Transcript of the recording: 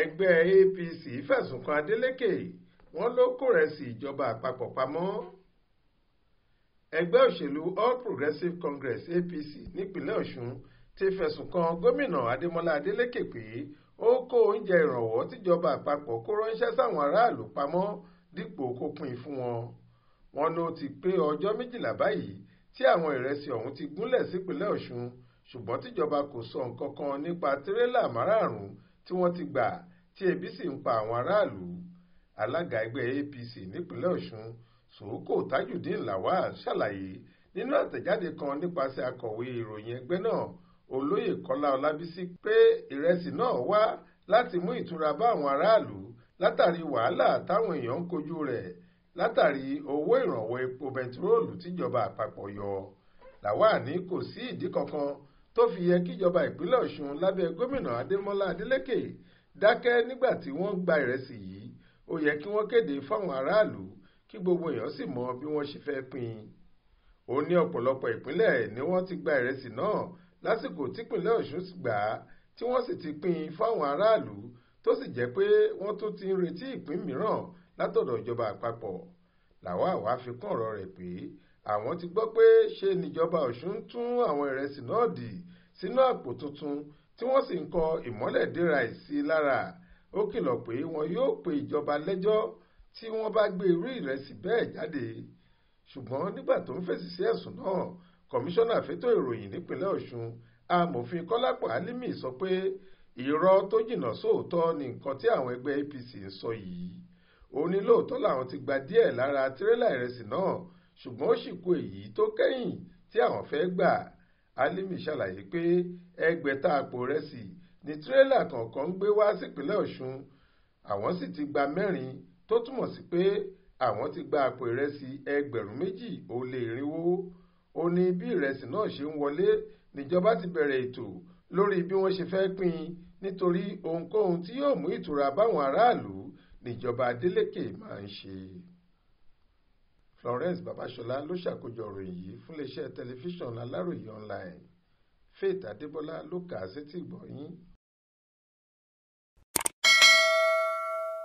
ẹgbẹ́ APC fẹ̀sùn kan Adeleke wọ́n ló kórẹ̀sì ìjọba àpapọ̀ pamọ́ ẹgbẹ́ òṣèlú All Progressives Congress APC nípínlẹ̀ Ọ̀ṣun ti fẹ̀sùn kan gómìnà Adémọ́lá Adeleke pé ó kó oúnjẹ ìrànwọ́ tíjọba àpapọ̀ kó ránṣẹ́ sáwọn aráàlú pamọ́ dípò kó pín in fún wọn wọ́n ló ti pé ọjọ́ méjìlá báyìí tí àwọn ìrẹsì ọ̀hún ti gúnlẹ̀ sípínlẹ̀ Ọ̀ṣun ṣùgbọ́n tíjọba kò sọ nǹkan kan nípa tírélà márààrún tí wọ́n ti gbà tí ebi sì ń pa àwọn aráàlú alága ẹgbẹ́ APC nípínlẹ̀ Ọ̀ṣun Sòókò Tajudeen Lawal ṣàlàyé nínú àtẹ̀jáde kan nípasẹ̀ akọ̀wé ìròyìn ẹgbẹ́ náà olóyè Kọ́lá Ọlábísí pé ìrẹsì náà wá láti mú ìtura bá àwọn aráàlú látàrí wàhálà táwọn èèyàn ń kojú rẹ̀ látàrí owó ìrànwọ́ epo bẹntiróòlù tíjọba àpapọ̀ yọ Lawal ní kò sí ìdí kankan tó fi yẹ kíjọba ìpínlẹ̀ ọ̀ṣun lábẹ́ gómìnà adémọ́lá adélèké dákẹ́ nígbà tí wọ́n gba ìrẹsì yìí ó yẹ kí wọ́n kéde fáwọn aráàlú kí gbogbo èèyàn sì mọ bí wọ́n ṣe fẹ́ pín ó ní ọ̀pọ̀lọpọ̀ ìpínlẹ̀ ni wọ́n ti gba ìrẹsì náà lásìkò típínlẹ̀ ọ̀ṣun gbà á tí wọ́n sì ti pín in fáwọn aráàlú tó sì jẹ́ pé wọ́n tún ti ń retí ìpín mìíràn látọ̀dọ̀ ìjọba àpapọ̀ làwa àwa fi kún ọ̀rọ̀ rẹ̀ pé àwọn ti gbọ́ pé ṣe níjọba ọ̀ṣun ń tún àwọn ìrẹsì náà dì sínú àpò tuntun tí wọ́n sì ń kọ ìmọ́lẹ̀déra ìsí lára ó kìlọ̀ pé wọn yóò pe ìjọba lẹ́jọ́ tí wọ́n bá gbé irú ìrẹsì bẹ́ẹ̀ jáde ṣùgbọ́n nígbà tó ń fèsì sí ẹ̀sùn náà kọmíṣánná fétò ìròyìn nípínlẹ̀ ọ̀ṣun amòfin kọ́lápọ̀ álímì sọ pé irọ́ tó jìnnà sóòótọ́ ni nǹkan tí àwọn ẹgbẹ́ apc ń sọ yìí ó ní lóòótọ́ làwọn ti gba díẹ̀ lára tirẹ́là ìrẹsì náà ṣùgbọ́n ó sì kù èyí tó kẹ́yìn tí àwọn fẹ́ gbà Alimi ṣàlàyé pé ẹgbẹ̀ta àpò ìrẹsì ni tirẹ́là kọ̀ọ̀kan ń gbé wá sípínlẹ̀ Ọ̀ṣun àwọn sì ti gba mẹ́rin tó túmọ̀ sí pé àwọn ti gba àpò ìrẹsì ẹgbẹ̀rún méjì ó lé irinwó ó ní bí ìrẹsì náà ṣe ń wọlé níjọba ti bẹ̀rẹ̀ ètò lórí bí wọ́n ṣe fẹ́ pín nítorí ohunkóhun tí yóò mú ìtura báwọn aráàlú níjọba Adeleke máa ń ṣe. Florence Babasola ló ṣàkójọ ìròyìn yìí fún iléeṣẹ́ tẹlifíṣàn Aláròye online Faith Adébọlá ló kà á sétí ìgbọ́